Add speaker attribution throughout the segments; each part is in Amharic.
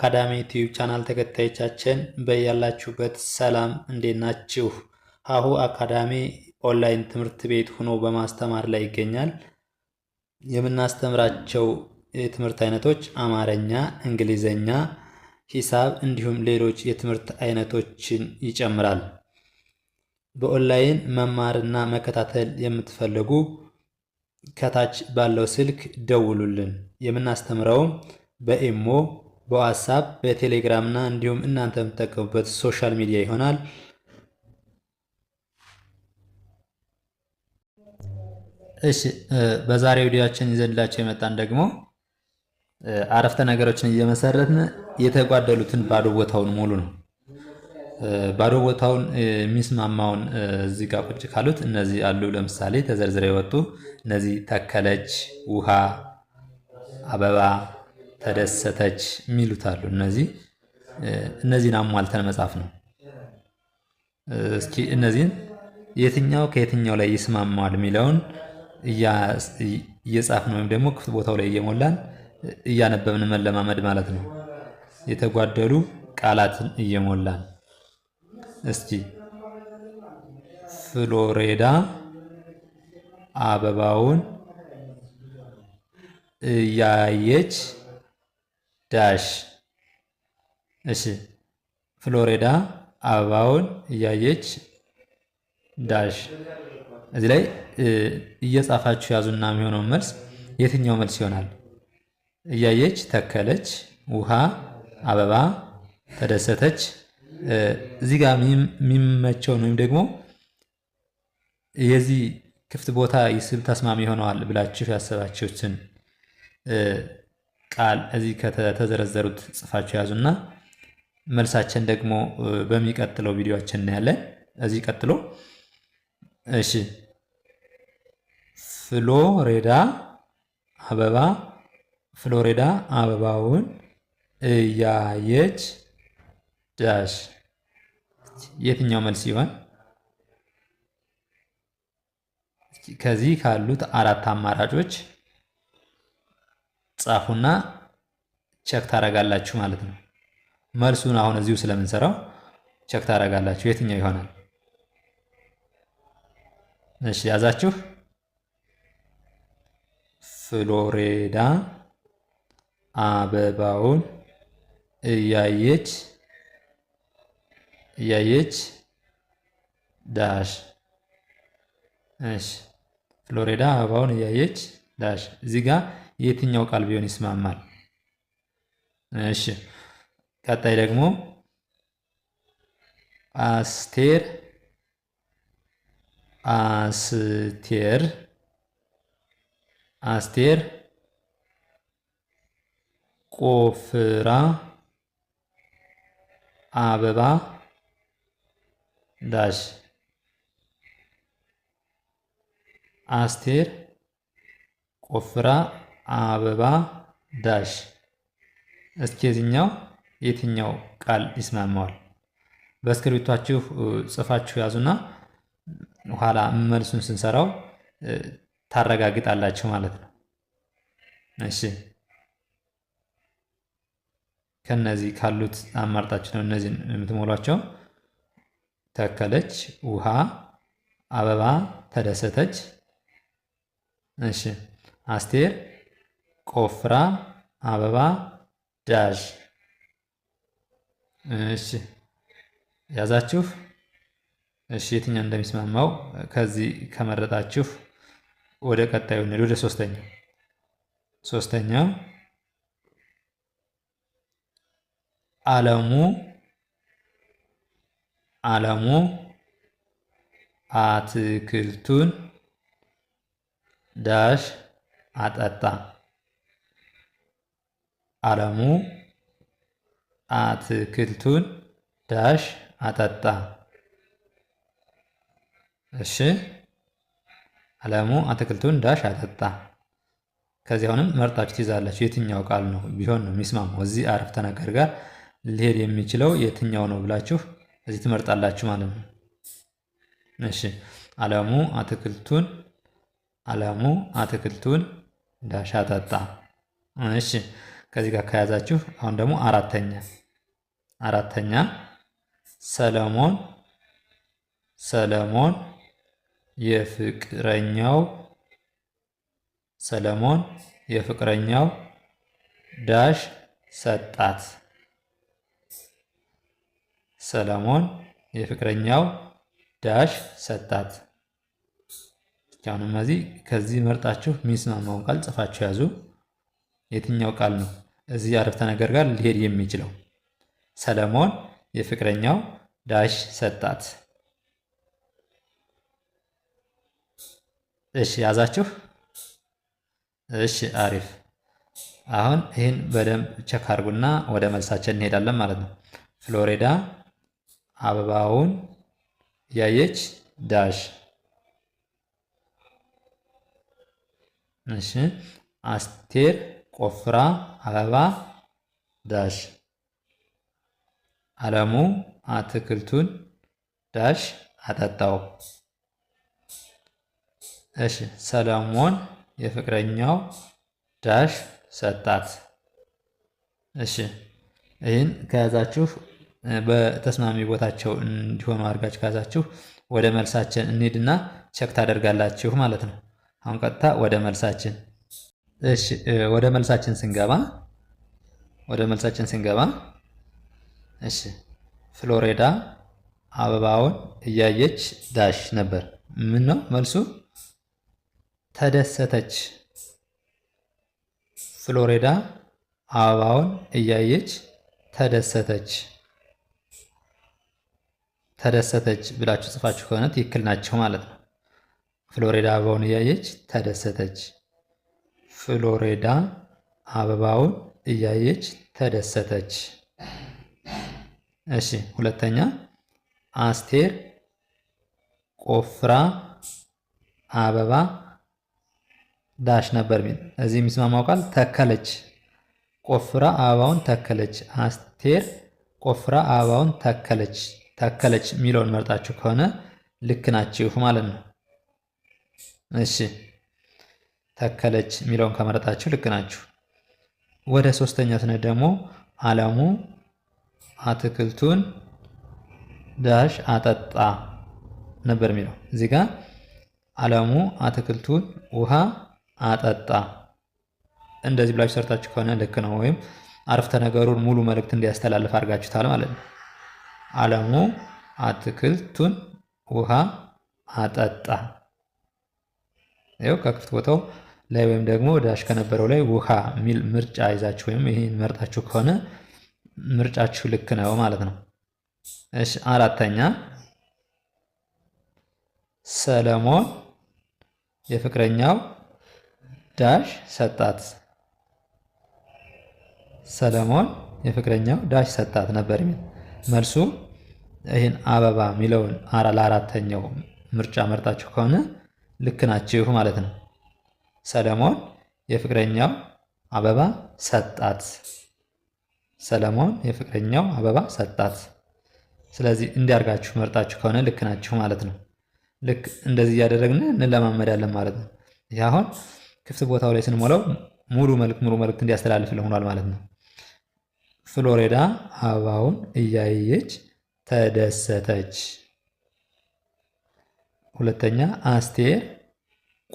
Speaker 1: አካዳሚ ዩቲዩብ ቻናል ተከታዮቻችን በያላችሁበት ሰላም እንዴት ናችሁ? ሀሁ አካዳሚ ኦንላይን ትምህርት ቤት ሆኖ በማስተማር ላይ ይገኛል። የምናስተምራቸው የትምህርት አይነቶች አማርኛ፣ እንግሊዘኛ፣ ሂሳብ እንዲሁም ሌሎች የትምህርት አይነቶችን ይጨምራል። በኦንላይን መማርና መከታተል የምትፈልጉ ከታች ባለው ስልክ ደውሉልን። የምናስተምረውም በኢሞ በዋትሳፕ በቴሌግራም እና እንዲሁም እናንተ የምትጠቀሙበት ሶሻል ሚዲያ ይሆናል። እሺ በዛሬ ቪዲዮችን ይዘንላቸው የመጣን ደግሞ አረፍተ ነገሮችን እየመሰረትን የተጓደሉትን ባዶ ቦታውን ሙሉ ነው። ባዶ ቦታውን የሚስማማውን እዚህ ጋር ቁጭ ካሉት እነዚህ አሉ። ለምሳሌ ተዘርዝረው የወጡ እነዚህ ተከለች፣ ውሃ፣ አበባ ተደሰተች የሚሉታሉ። እነዚህ እነዚህን አሟልተን መጻፍ ነው። እስኪ እነዚህን የትኛው ከየትኛው ላይ ይስማማል የሚለውን እየጻፍን ወይም ደግሞ ክፍት ቦታው ላይ እየሞላን እያነበብን መለማመድ ማለት ነው። የተጓደሉ ቃላትን እየሞላን እስኪ ፍሎሬዳ አበባውን እያየች ዳሽ እሺ ፍሎሪዳ አበባውን እያየች ዳሽ። እዚህ ላይ እየጻፋችሁ ያዙና የሚሆነው መልስ የትኛው መልስ ይሆናል? እያየች ተከለች፣ ውሃ፣ አበባ፣ ተደሰተች። እዚህ ጋር የሚመቸውን ወይም ደግሞ የዚህ ክፍት ቦታ ይስብ ተስማሚ ሆነዋል ብላችሁ ያሰባችሁትን ቃል እዚህ ከተዘረዘሩት ጽፋችሁ ያዙና መልሳችን ደግሞ በሚቀጥለው ቪዲዮችን እናያለን። እዚህ ቀጥሎ እሺ፣ ፍሎሬዳ አበባ ፍሎሬዳ አበባውን እያየች ዳሽ የትኛው መልስ ይሆን? ከዚህ ካሉት አራት አማራጮች ጻፉና ቸክ ታረጋላችሁ ማለት ነው። መልሱን አሁን እዚሁ ስለምንሰራው ቸክ ታረጋላችሁ የትኛው ይሆናል። እሺ ያዛችሁ። ፍሎሬዳ አበባውን እያየች እያየች ዳሽ። እሺ ፍሎሬዳ አበባውን እያየች ዳሽ እዚህ ጋር የትኛው ቃል ቢሆን ይስማማል? እሺ ቀጣይ ደግሞ አስቴር አስቴር አስቴር ቆፍራ አበባ ዳሽ አስቴር ቆፍራ አበባ ዳሽ። እስኪ የዚህኛው የትኛው ቃል ይስማማዋል? በእስክርቢቷችሁ ጽፋችሁ ያዙና ኋላ መልሱን ስንሰራው ታረጋግጣላችሁ ማለት ነው። እሺ ከነዚህ ካሉት አማርጣችሁ ነው እነዚህን የምትሞሏቸው። ተከለች፣ ውሃ፣ አበባ፣ ተደሰተች። እሺ አስቴር ቆፍራ አበባ ዳሽ። እሺ ያዛችሁ? እሺ የትኛው እንደሚስማማው ከዚህ ከመረጣችሁ ወደ ቀጣዩ እንሂድ። ወደ ሶስተኛው ሶስተኛው አለሙ አለሙ አትክልቱን ዳሽ አጠጣ። አለሙ አትክልቱን ዳሽ አጠጣ። እሺ አለሙ አትክልቱን ዳሽ አጠጣ። ከዚህ አሁንም መርጣችሁ ትይዛላችሁ። የትኛው ቃል ነው ቢሆን ነው የሚስማማው እዚህ አረፍተ ነገር ጋር ሊሄድ የሚችለው የትኛው ነው ብላችሁ እዚህ ትመርጣላችሁ ማለት ነው። እሺ አለሙ አትክልቱን አለሙ አትክልቱን ዳሽ አጠጣ። እሺ ከዚህ ጋር ከያዛችሁ አሁን ደግሞ አራተኛ አራተኛ ሰለሞን ሰለሞን የፍቅረኛው ሰለሞን የፍቅረኛው ዳሽ ሰጣት። ሰለሞን የፍቅረኛው ዳሽ ሰጣት። አሁንም እነዚህ ከዚህ መርጣችሁ ሚስማማውን ቃል ጽፋችሁ ያዙ። የትኛው ቃል ነው እዚህ አረፍተ ነገር ጋር ሊሄድ የሚችለው? ሰለሞን የፍቅረኛው ዳሽ ሰጣት። እሺ ያዛችሁ? እሺ አሪፍ። አሁን ይህን በደንብ ቸክ አድርጉና ወደ መልሳችን እንሄዳለን ማለት ነው። ፍሎሪዳ አበባውን ያየች ዳሽ። እሺ አስቴር ቆፍራ አበባ ዳሽ አለሙ አትክልቱን ዳሽ አጠጣው። እሺ ሰለሞን የፍቅረኛው ዳሽ ሰጣት። እሺ ይህን ከያዛችሁ በተስማሚ ቦታቸው እንዲሆኑ አድርጋችሁ ከያዛችሁ ወደ መልሳችን እንሂድና ቸክ ታደርጋላችሁ ማለት ነው። አሁን ቀጥታ ወደ መልሳችን እሺ ወደ መልሳችን ስንገባ ወደ መልሳችን ስንገባ እሺ ፍሎሪዳ አበባውን እያየች ዳሽ ነበር። ምን ነው መልሱ? ተደሰተች። ፍሎሪዳ አበባውን እያየች ተደሰተች። ተደሰተች ብላችሁ ጽፋችሁ ከሆነ ትክክል ናቸው ማለት ነው። ፍሎሪዳ አበባውን እያየች ተደሰተች። ፍሎሬዳ አበባውን እያየች ተደሰተች። እሺ ሁለተኛ አስቴር ቆፍራ አበባ ዳሽ ነበር ሚል እዚህ የሚስማማው ቃል ተከለች። ቆፍራ አበባውን ተከለች። አስቴር ቆፍራ አበባውን ተከለች። ተከለች የሚለውን መርጣችሁ ከሆነ ልክ ናችሁ ማለት ነው። እሺ ተከለች የሚለውን ከመረጣችሁ ልክ ናችሁ። ወደ ሶስተኛ ስነት ደግሞ አለሙ አትክልቱን ዳሽ አጠጣ ነበር የሚለው እዚህ ጋር አለሙ አትክልቱን ውሃ አጠጣ። እንደዚህ ብላችሁ ሰርታችሁ ከሆነ ልክ ነው። ወይም አረፍተ ነገሩን ሙሉ መልእክት እንዲያስተላልፍ አድርጋችሁታል ማለት ነው። አለሙ አትክልቱን ውሃ አጠጣ። ይኸው ከክፍት ቦታው ላይ ወይም ደግሞ ዳሽ ከነበረው ላይ ውሃ የሚል ምርጫ ይዛችሁ ወይም ይህን መርጣችሁ ከሆነ ምርጫችሁ ልክ ነው ማለት ነው። እሺ አራተኛ ሰለሞን የፍቅረኛው ዳሽ ሰጣት። ሰለሞን የፍቅረኛው ዳሽ ሰጣት ነበር የሚል መልሱ። ይህን አበባ የሚለውን ለአራተኛው ምርጫ መርጣችሁ ከሆነ ልክ ናችሁ ማለት ነው። ሰለሞን የፍቅረኛው አበባ ሰጣት። ሰለሞን የፍቅረኛው አበባ ሰጣት። ስለዚህ እንዲያርጋችሁ መርጣችሁ ከሆነ ልክ ናችሁ ማለት ነው። ልክ እንደዚህ እያደረግን እንለማመዳለን ማለት ነው። ይህ አሁን ክፍት ቦታው ላይ ስንሞላው ሙሉ መልክ ሙሉ መልክት እንዲያስተላልፍ ለሆኗል ማለት ነው። ፍሎሪዳ አበባውን እያየች ተደሰተች። ሁለተኛ አስቴር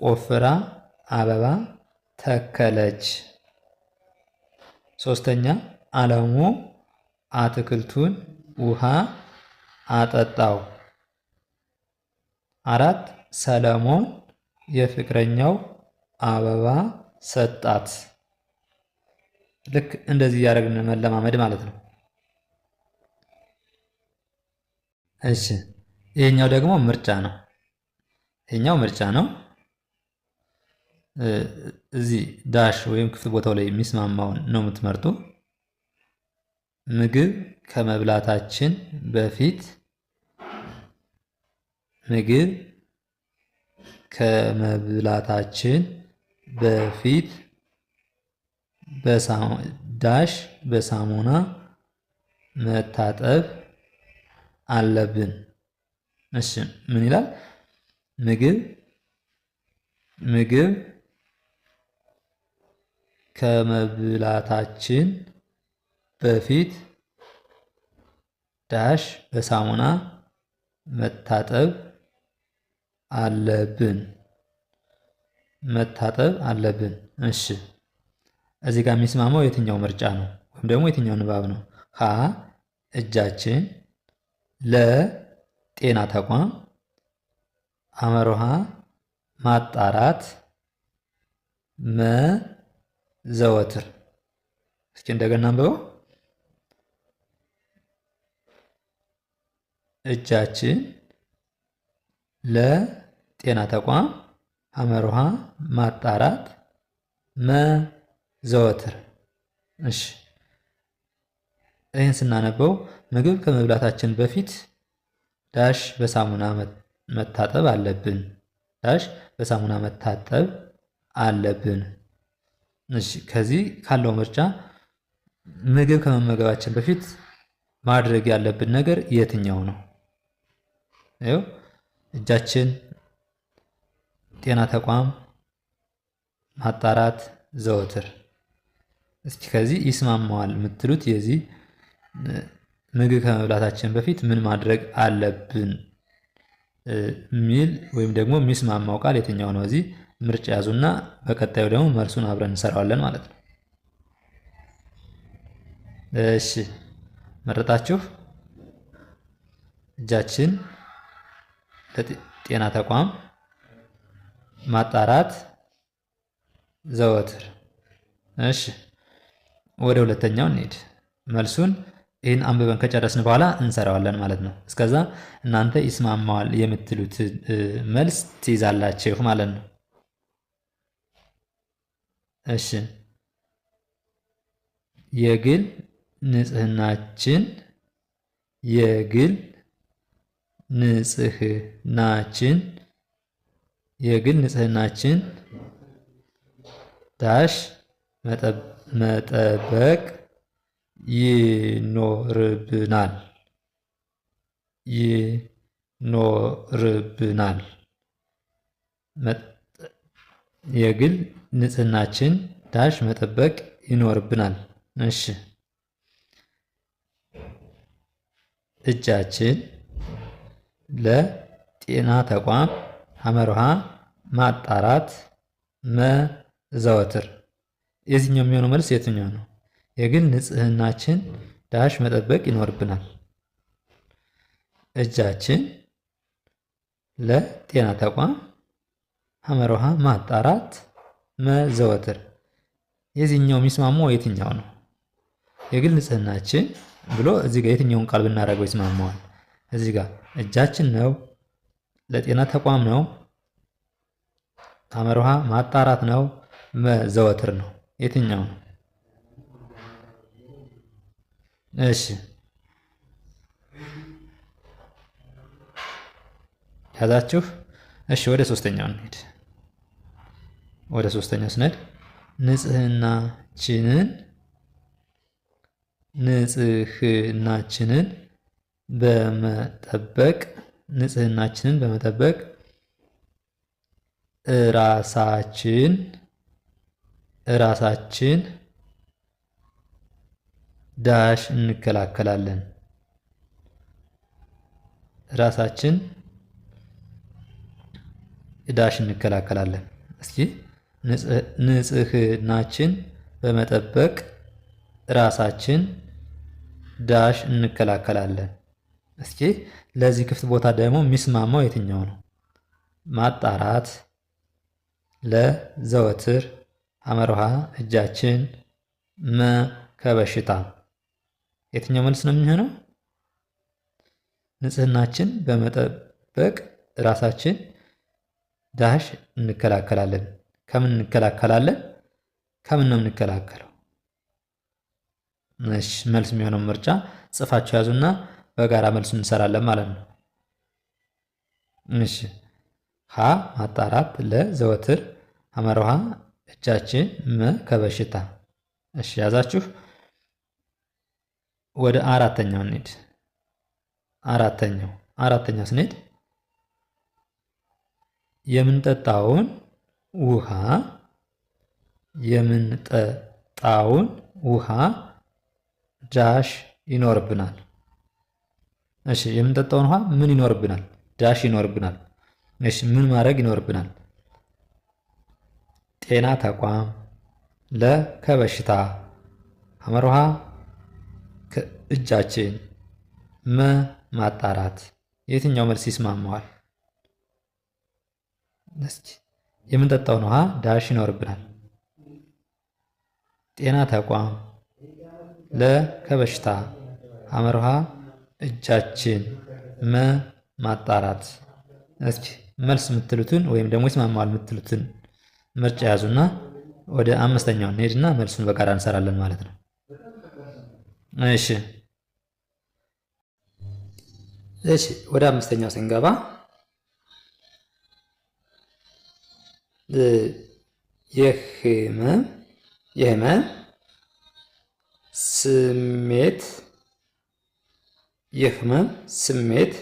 Speaker 1: ቆፍራ አበባ ተከለች። ሶስተኛ አለሙ አትክልቱን ውሃ አጠጣው። አራት ሰለሞን የፍቅረኛው አበባ ሰጣት። ልክ እንደዚህ እያደረግን መለማመድ ማለት ነው። እሺ ይሄኛው ደግሞ ምርጫ ነው። ይሄኛው ምርጫ ነው። እዚህ ዳሽ ወይም ክፍት ቦታው ላይ የሚስማማውን ነው የምትመርጡ። ምግብ ከመብላታችን በፊት ምግብ ከመብላታችን በፊት ዳሽ በሳሙና መታጠብ አለብን። እሺ ምን ይላል? ምግብ ምግብ ከመብላታችን በፊት ዳሽ በሳሙና መታጠብ አለብን መታጠብ አለብን። እሺ እዚህ ጋር የሚስማማው የትኛው ምርጫ ነው? ወይም ደግሞ የትኛው ንባብ ነው? ሀ እጃችን፣ ለ ጤና ተቋም፣ አመሮሃ ማጣራት፣ መ ዘወትር። እስኪ እንደገና አንብበው። እጃችን ለጤና ተቋም ውሃ ማጣራት መዘወትር። እሺ ይህን ስናነበው ምግብ ከመብላታችን በፊት ዳሽ በሳሙና መታጠብ አለብን። ዳሽ በሳሙና መታጠብ አለብን። እሺ ከዚህ ካለው ምርጫ ምግብ ከመመገባችን በፊት ማድረግ ያለብን ነገር የትኛው ነው? ይኸው እጃችን፣ ጤና ተቋም ማጣራት ዘወትር። እስኪ ከዚህ ይስማማዋል የምትሉት የዚህ ምግብ ከመብላታችን በፊት ምን ማድረግ አለብን የሚል ወይም ደግሞ የሚስማማው ቃል የትኛው ነው? እዚህ ምርጫ ያዙና በቀጣዩ ደግሞ መልሱን አብረን እንሰራዋለን ማለት ነው። እሺ መረጣችሁ። እጃችን ለጤና ተቋም ማጣራት ዘወትር። እሺ ወደ ሁለተኛው እንሄድ። መልሱን ይህን አንብበን ከጨረስን በኋላ እንሰራዋለን ማለት ነው። እስከዛ እናንተ ይስማማዋል የምትሉት መልስ ትይዛላችሁ ማለት ነው። እሺ የግል ንጽህናችን የግል ንጽህናችን የግል ንጽህናችን ዳሽ መጠበቅ ይኖርብናል ይኖርብናል የግል ንጽህናችን ዳሽ መጠበቅ ይኖርብናል። እሺ እጃችን ለጤና ተቋም አመርሃ ማጣራት መዘወትር የዚህኛው የሚሆነው መልስ የትኛው ነው? የግል ንጽህናችን ዳሽ መጠበቅ ይኖርብናል። እጃችን ለጤና ተቋም አመርሃ ማጣራት መዘወትር የዚህኛው የሚስማማው የትኛው ነው? የግል ንጽህናችን ብሎ እዚህ ጋር የትኛውን ቃል ብናደርገው ይስማማዋል? እዚህ ጋር እጃችን ነው፣ ለጤና ተቋም ነው፣ አመርሃ ማጣራት ነው፣ መዘወትር ነው። የትኛው ነው? እሺ ያዛችሁ። እሺ ወደ ሶስተኛው እንሂድ። ወደ ሶስተኛ ስነድ ንጽህናችንን ንጽህናችንን በመጠበቅ ንጽህናችንን በመጠበቅ እራሳችን እራሳችን ዳሽ እንከላከላለን። ራሳችን ዳሽ እንከላከላለን። እስኪ ንጽህናችን በመጠበቅ ራሳችን ዳሽ እንከላከላለን። እስኪ ለዚህ ክፍት ቦታ ደግሞ የሚስማማው የትኛው ነው? ማጣራት፣ ለዘወትር አመርሃ እጃችን፣ መ ከበሽታ የትኛው መልስ ነው የሚሆነው? ንጽህናችን በመጠበቅ ራሳችን ዳሽ እንከላከላለን። ከምን እንከላከላለን? ከምን ነው የምንከላከለው? እሺ መልስ የሚሆነው ምርጫ ጽፋችሁ ያዙና በጋራ መልሱ እንሰራለን ማለት ነው። እሺ ሀ ማጣራት ለዘወትር አመራሃ እጃችን መ ከበሽታ እሺ ያዛችሁ። ወደ አራተኛው እንሂድ። አራተኛው አራተኛው ስንሄድ የምንጠጣውን ውሃ የምንጠጣውን ውሃ ዳሽ ይኖርብናል። እሺ የምንጠጣውን ውሃ ምን ይኖርብናል? ዳሽ ይኖርብናል። እሺ ምን ማድረግ ይኖርብናል? ጤና ተቋም ለከበሽታ ሐመር ውሃ ከእጃችን መ ማጣራት የትኛው መልስ ይስማማዋል? እስኪ የምንጠጣውን ውሃ ዳሽ ይኖርብናል። ጤና ተቋም ለ ከበሽታ ውሃ እጃችን መ ማጣራት። እስኪ መልስ የምትሉትን ወይም ደግሞ ይስማማል የምትሉትን ምርጫ ያዙና ወደ አምስተኛው እንሄድና መልሱን በጋራ እንሰራለን ማለት ነው። እሺ እሺ፣ ወደ አምስተኛው ስንገባ የህመም የህመም ስሜት የህመም ስሜት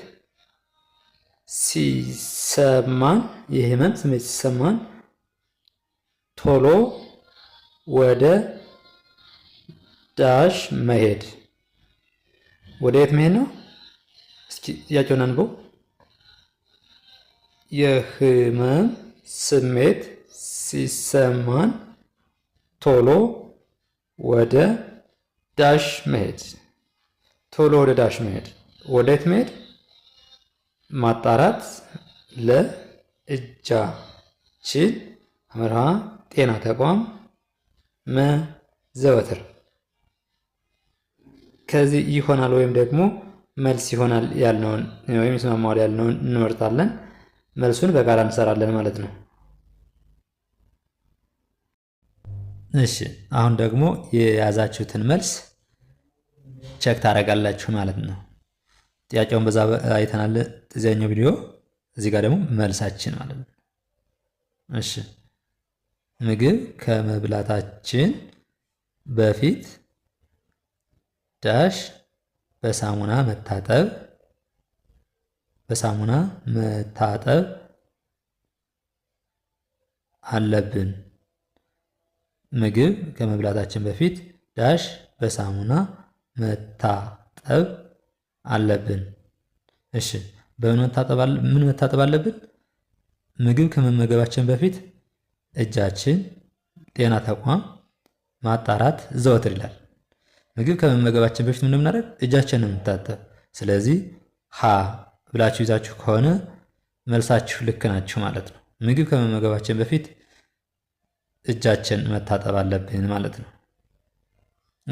Speaker 1: ሲሰማን የህመም ስሜት ሲሰማን ቶሎ ወደ ዳሽ መሄድ ወደ የት መሄድ ነው? እስኪ ጥያቄውን አንብበው። የህመም ስሜት ሲሰማን ቶሎ ወደ ዳሽ መሄድ ቶሎ ወደ ዳሽ መሄድ ወዴት መሄድ? ማጣራት ለእጃችን አምርሃ ጤና ተቋም መዘወትር ከዚህ ይሆናል ወይም ደግሞ መልስ ይሆናል ያልነውን ወይም ይስማማል ያልነውን እንመርጣለን። መልሱን በጋራ እንሰራለን ማለት ነው። እሺ አሁን ደግሞ የያዛችሁትን መልስ ቸክ ታደርጋላችሁ ማለት ነው። ጥያቄውን በዛ አይተናል፣ እዚያኛው ቪዲዮ። እዚህ ጋር ደግሞ መልሳችን ማለት ነው። እሺ ምግብ ከመብላታችን በፊት ዳሽ በሳሙና መታጠብ በሳሙና መታጠብ አለብን። ምግብ ከመብላታችን በፊት ዳሽ በሳሙና መታጠብ አለብን። እሺ፣ ምን መታጠብ አለብን? ምግብ ከመመገባችን በፊት እጃችን ጤና ተቋም ማጣራት ዘወትር ይላል። ምግብ ከመመገባችን በፊት ምን እናደርግ? እጃችንን እንታጠብ። ስለዚህ ሀ ብላችሁ ይዛችሁ ከሆነ መልሳችሁ ልክ ናችሁ ማለት ነው። ምግብ ከመመገባችን በፊት እጃችን መታጠብ አለብን ማለት ነው።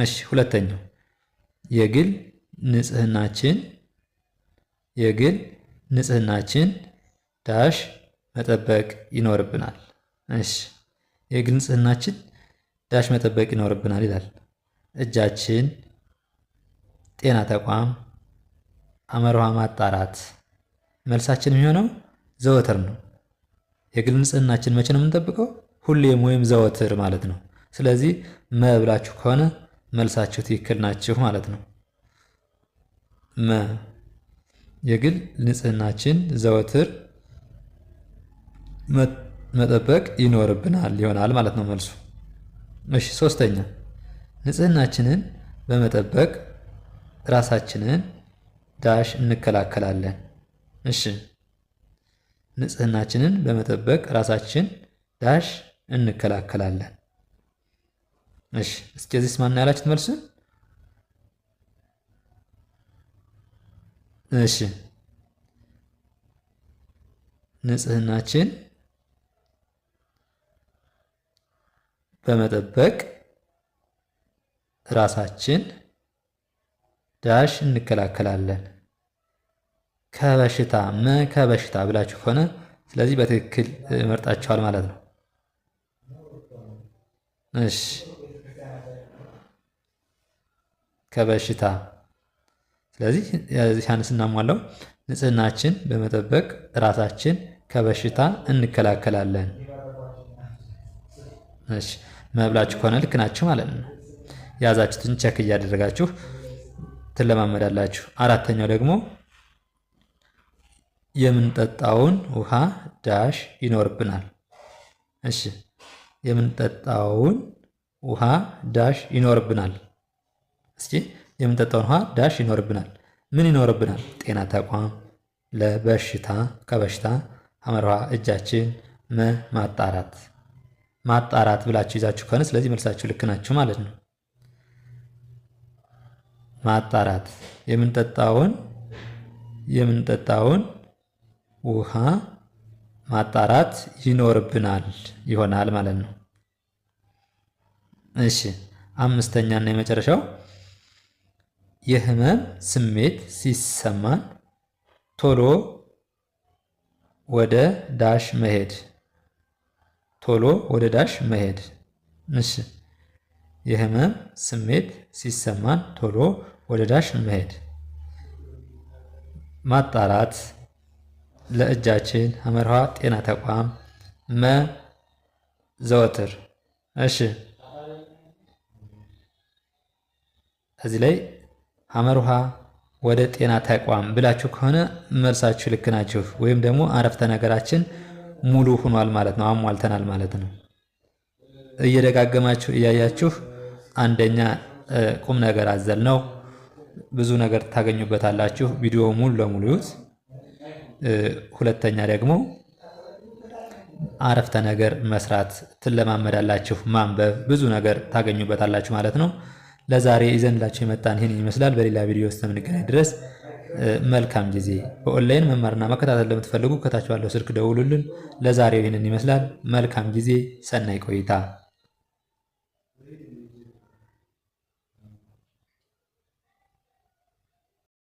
Speaker 1: እሺ፣ ሁለተኛው የግል ንጽህናችን የግል ንጽህናችን ዳሽ መጠበቅ ይኖርብናል። እሺ፣ የግል ንጽህናችን ዳሽ መጠበቅ ይኖርብናል ይላል። እጃችን ጤና ተቋም አመርሃ ማጣራት መልሳችን የሚሆነው ዘወትር ነው። የግል ንጽህናችን መቼ ነው የምንጠብቀው? ሁሌም ወይም ዘወትር ማለት ነው። ስለዚህ መ ብላችሁ ከሆነ መልሳችሁ ትክክል ናችሁ ማለት ነው። መ የግል ንጽህናችን ዘወትር መጠበቅ ይኖርብናል ይሆናል ማለት ነው መልሱ። እሺ ሶስተኛ ንጽህናችንን በመጠበቅ ራሳችንን ዳሽ እንከላከላለን። እሺ ንጽህናችንን በመጠበቅ ራሳችን ዳሽ እንከላከላለን። እሺ እስኪ እዚህ ማን ያላችሁት መልሱ? እሺ ንጽህናችን በመጠበቅ ራሳችን ዳሽ እንከላከላለን። ከበሽታ መ ከበሽታ ብላችሁ ከሆነ ስለዚህ በትክክል መርጣችኋል ማለት ነው። እሺ ከበሽታ ስለዚህ እዚህ አንስ እናሟለው ንጽህናችን በመጠበቅ ራሳችን ከበሽታ እንከላከላለን። እሺ መብላችሁ ከሆነ ልክ ናችሁ ማለት ነው። የያዛችሁትን ቸክ እያደረጋችሁ ትለማመዳላችሁ። አራተኛው ደግሞ የምንጠጣውን ውሃ ዳሽ ይኖርብናል። እሺ የምንጠጣውን ውሃ ዳሽ ይኖርብናል። እስኪ የምንጠጣውን ውሃ ዳሽ ይኖርብናል። ምን ይኖርብናል? ጤና ተቋም፣ ለበሽታ ከበሽታ አመራ እጃችን ማጣራት ማጣራት ብላችሁ ይዛችሁ ከሆነ ስለዚህ መልሳችሁ ልክ ናችሁ ማለት ነው። ማጣራት የምንጠጣውን የምንጠጣውን ውሃ ማጣራት ይኖርብናል ይሆናል ማለት ነው። እሺ አምስተኛና የመጨረሻው የህመም ስሜት ሲሰማን ቶሎ ወደ ዳሽ መሄድ ቶሎ ወደ ዳሽ መሄድ። እሺ የህመም ስሜት ሲሰማን ቶሎ ወደ ዳሽ መሄድ ማጣራት ለእጃችን አመርሃ ጤና ተቋም መ ዘወትር። እሺ እዚህ ላይ አመርሃ ወደ ጤና ተቋም ብላችሁ ከሆነ መልሳችሁ ልክ ናችሁ፣ ወይም ደግሞ አረፍተ ነገራችን ሙሉ ሆኗል ማለት ነው፣ አሟልተናል ማለት ነው። እየደጋገማችሁ እያያችሁ አንደኛ ቁም ነገር አዘል ነው። ብዙ ነገር ታገኙበታላችሁ። ቪዲዮ ሙሉ ለሙሉ ይዩት። ሁለተኛ ደግሞ አረፍተ ነገር መስራት ትለማመዳላችሁ፣ ማንበብ ብዙ ነገር ታገኙበታላችሁ ማለት ነው። ለዛሬ ይዘንላችሁ የመጣን ይህን ይመስላል። በሌላ ቪዲዮ ውስጥ የምንገናኝ ድረስ መልካም ጊዜ። በኦንላይን መማርና መከታተል ለምትፈልጉ ከታች ባለው ስልክ ደውሉልን። ለዛሬው ይህንን ይመስላል። መልካም ጊዜ፣ ሰናይ ቆይታ